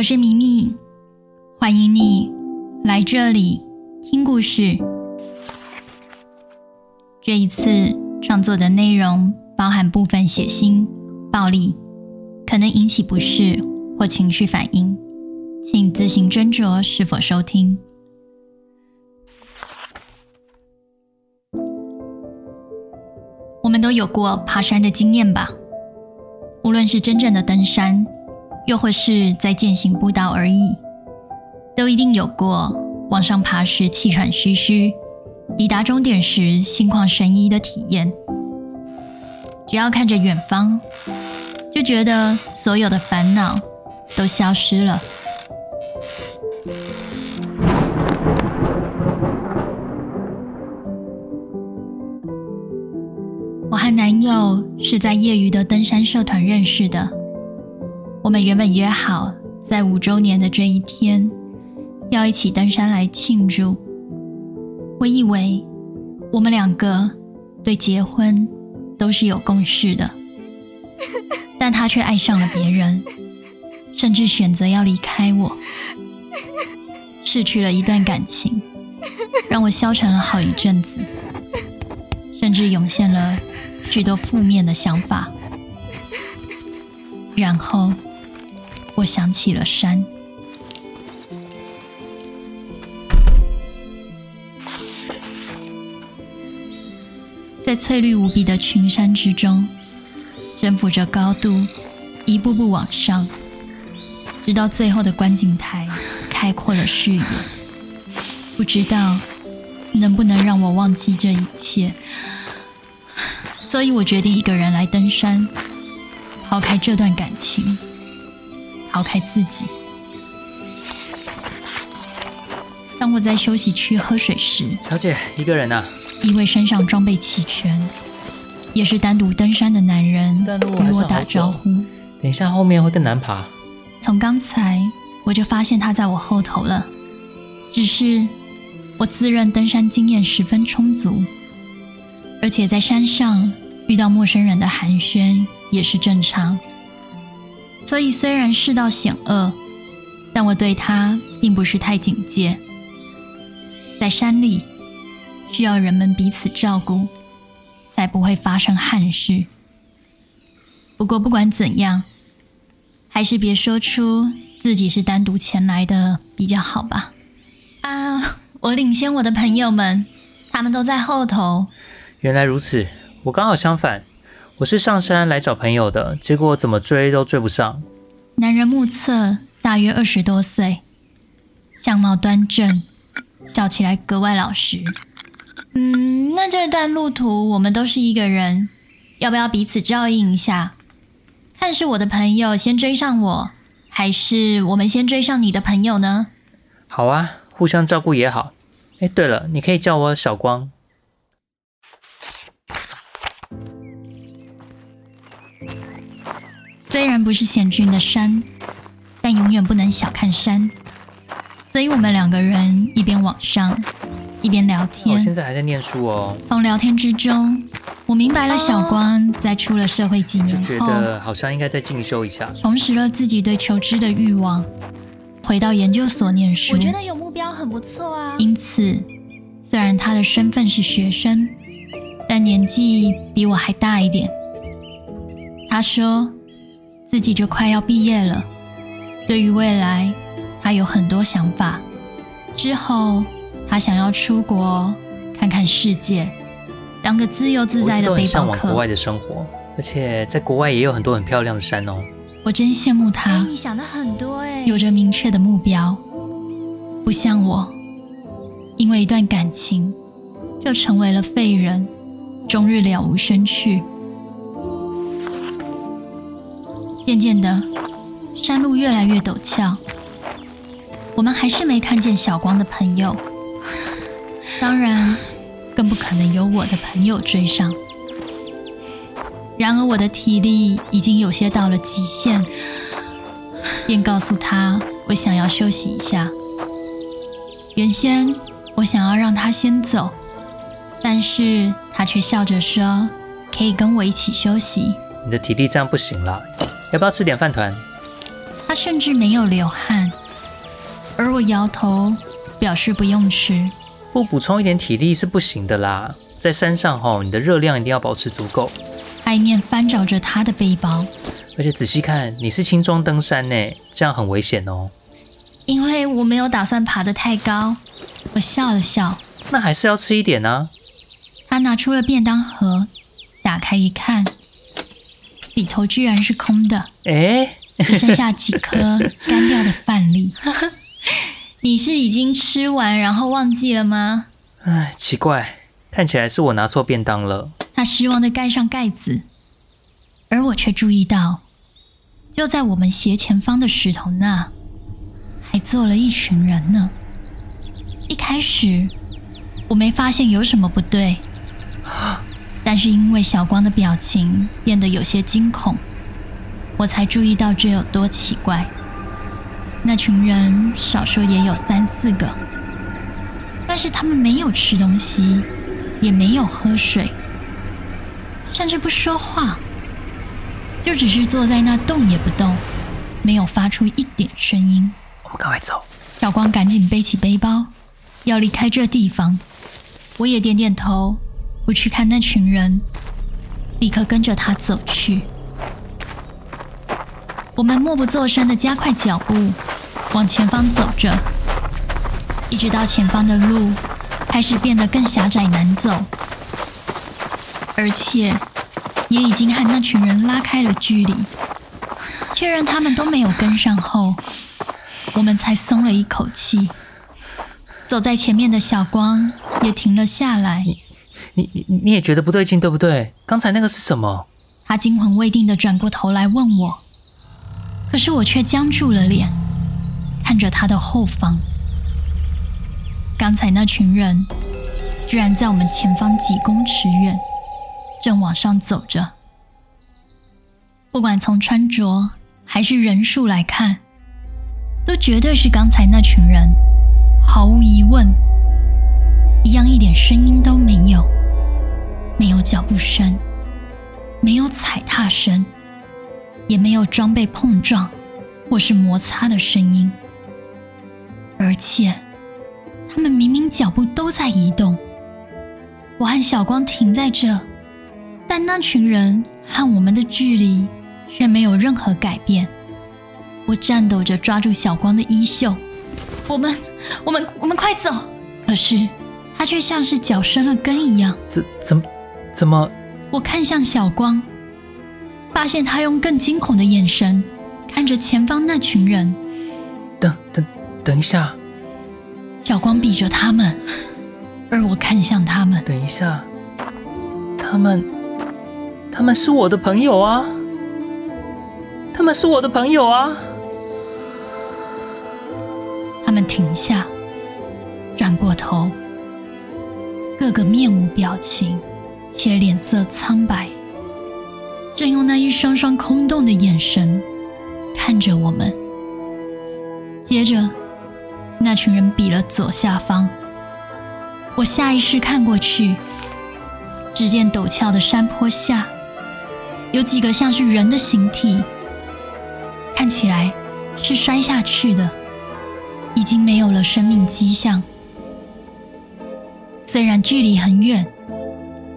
我是咪咪，歡迎你來這裡聽故事。這一次創作的內容包含部分血腥、暴力，可能引起不適或情緒反應，請自行斟酌是否收聽。我們都有過爬山的經驗吧？無論是真正的登山。又或是，在健行步道而已，都一定有過往上爬時氣喘吁吁，抵達終點時心曠神怡的體驗。只要看着遠方，就覺得所有的煩惱都消失了。我和男友是在業餘的登山社團認識的。我們原本約好在五週年的這一天，要一起登山來慶祝。我以為我們兩個對結婚都是有共識的，但他卻愛上了別人，甚至選擇要離開我。失去了一段感情，讓我消沉了好一陣子，甚至湧現了許多負面的想法。然後，我想起了山，在翠綠無比的群山之中，征服着高度，一步步往上，直到最後的觀景台，開闊了視野。不知道能不能讓我忘記這一切，所以我決定一個人來登山，拋開這段感情。拋開自己。當我在休息區喝水時，小姐，一個人吶？一位身上裝備齊全，也是單獨登山的男人，與我打招呼。等一下，後面會更難爬。從剛才我就發現他在我後頭了，只是我自認登山經驗十分充足，而且在山上遇到陌生人的寒暄也是正常。所以，雖然世道險惡，但我對他並不是太警戒。在山裡，需要人們彼此照顧，才不會發生憾事。不過，不管怎樣，還是別說出自己是單獨前來的比較好吧。啊，我領先我的朋友們，他們都在後頭。原來如此，我剛好相反。我是上山來找朋友的，結果怎麼追都追不上。男人目測大約二十多歲，相貌端正，笑起來格外老實。嗯，那這段路途我們都是一個人，要不要彼此照應一下？看是我的朋友先追上我，還是我們先追上你的朋友呢？好啊，互相照顧也好。哎、欸，對了，你可以叫我小光。雖然不是險峻的山，但永遠不能小看山。所以，我們兩個人一邊往上，一邊聊天。我現在還在念書哦。從聊天之中，我明白了小光在出了社會幾年後，就覺得好像應該再進修一下，重拾了自己對求知的欲望，回到研究所念書。我覺得有目標很不錯啊。因此，雖然他的身份是學生，但年紀比我還大一點。他說。自己就快要畢業了，對於未來，他有很多想法。之後，他想要出國看看世界，當個自由自在的背包客。我都嚮往國外的生活，而且在國外也有很多很漂亮的山哦。我真羨慕他，你想的很多哎，有着明確的目標，不像我，因為一段感情就成為了廢人，終日了無生趣。漸漸的，山路越來越陡峭，我們還是沒看見小光的朋友。當然，更不可能有我的朋友追上。然而，我的體力已經有些到了極限，便告訴他我想要休息一下。原先我想要讓他先走，但是他卻笑着說：“可以跟我一起休息。”你的體力這樣不行了。要不要吃點飯糰？他甚至沒有流汗，而我搖頭表示不用吃。不補充一點體力是不行的啦，在山上吼、哦，你的熱量一定要保持足夠。他一面翻找着他的背包，而且仔細看，你是輕裝登山呢，這樣很危險哦。因為我沒有打算爬得太高，我笑了笑。那還是要吃一點啊。他拿出了便當盒，打開一看。裡頭居然是空的，哎、欸， 只剩下幾顆乾掉的飯粒。 你是已經吃完然後忘記了嗎？哎，奇怪，看起來是我拿錯便當了。他失望地蓋上蓋子，而我卻注意到，就在我們斜前方的石頭那，還坐了一群人呢。一開始我沒發現有什麼不對。 但是因為小光的表情變得有些驚恐，我才注意到這有多奇怪。那群人少說也有三四個，但是他們沒有吃東西，也沒有喝水，甚至不說話，就只是坐在那動也不動，沒有發出一點聲音。我們趕快走！小光趕緊背起背包，要離開這地方。我也點點頭。不去看那群人，立刻跟着他走去。我們默不作聲地加快腳步，往前方走着，一直到前方的路開始變得更狹窄難走，而且也已經和那群人拉開了距離。確認他們都沒有跟上後，我們才鬆了一口氣。走在前面的小光也停了下來。你你你也覺得不對勁，對不對？剛才那個是什麼？他驚魂未定的轉過頭來問我，可是我卻僵住了臉，看着他的後方。剛才那群人，居然在我們前方幾公尺遠，正往上走着。不管從穿着還是人數來看，都絕對是剛才那群人，毫無疑問。一樣一點聲音都沒有。沒有腳步聲，沒有踩踏聲，也沒有裝備碰撞或是摩擦的聲音。而且，他們明明腳步都在移動，我和小光停在這，但那群人和我們的距離卻沒有任何改變。我顫抖着抓住小光的衣袖：“我們，我們，我們快走！”可是，他卻像是腳生了根一樣。這怎麼？怎麼？我看向小光，發現他用更驚恐的眼神看着前方那群人。等、等、等一下！小光避着他們，而我看向他們。等一下，他們，他們是我的朋友啊！他們是我的朋友啊！他們停下，轉過頭，個個面無表情。且臉色蒼白，正用那一雙雙空洞的眼神看着我們。接着，那群人比了左下方，我下意識看過去，只見陡峭的山坡下有幾個像是人的形體，看起來是摔下去的，已經沒有了生命跡象。雖然距離很遠，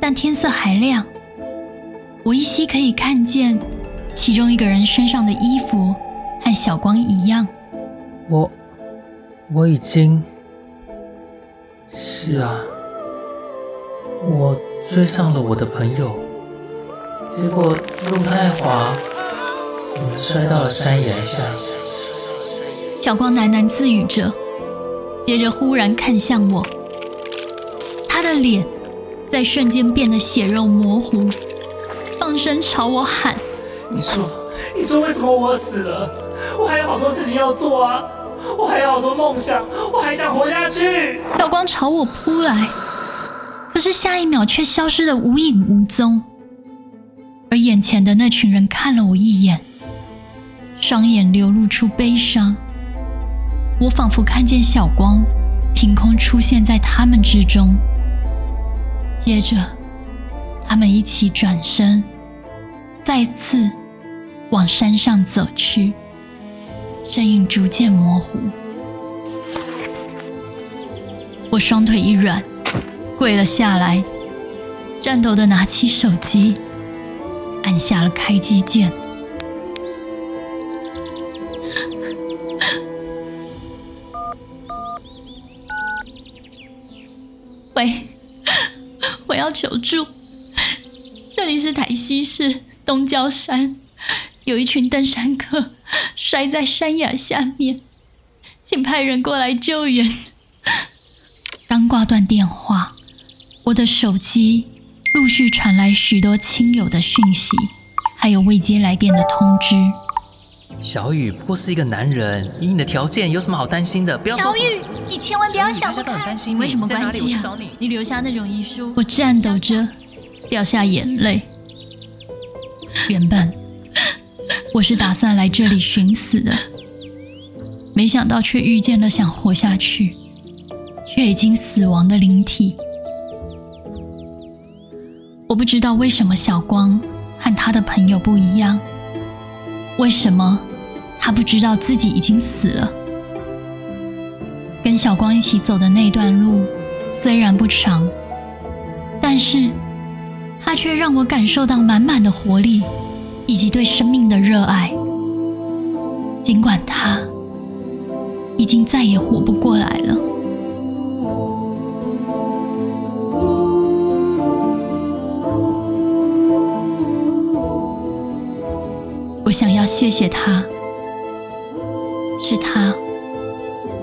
但天色還亮，我依稀可以看見其中一個人身上的衣服和小光一樣。我，我已經。是啊，我追上了我的朋友，結果路太滑，我摔到了山崖下。小光喃喃自語着，接着忽然看向我，他的臉。在瞬間變得血肉模糊，放聲朝我喊：“你說，你說，為什麼我死了？我還有好多事情要做啊！我還有好多夢想，我還想活下去！”小光朝我撲來，可是下一秒卻消失得無影無蹤。而眼前的那群人看了我一眼，雙眼流露出悲傷。我仿佛看見小光憑空出現在他們之中。接着，他們一起轉身，再次往山上走去，身影逐漸模糊。我雙腿一軟，跪了下來，顫抖地拿起手機，按下了開機鍵。求助！這裡是台西市東郊山，有一群登山客摔在山崖下面，請派人過來救援。剛掛斷電話，我的手機陸續傳來許多親友的訊息，還有未接來電的通知。小雨，不過是一個男人，以你的條件，有什麼好擔心的？不要走，小雨，你千萬不要想不開。看我，沒什麼關係啊。你留下那種遺書，我顫抖着掉下眼淚。 原本我是打算來這裡尋死的， 沒想到卻遇見了想活下去卻已經死亡的靈體。我不知道為什麼小光和他的朋友不一樣，為什麼？他不知道自己已經死了。跟小光一起走的那段路，雖然不長，但是，他卻讓我感受到滿滿的活力，以及對生命的熱愛。儘管他已經再也活不過來了，我想要謝謝他。是他，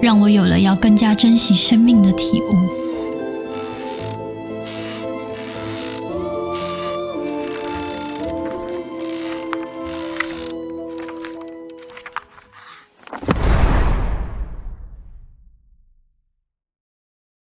讓我有了要更加珍惜生命的體悟。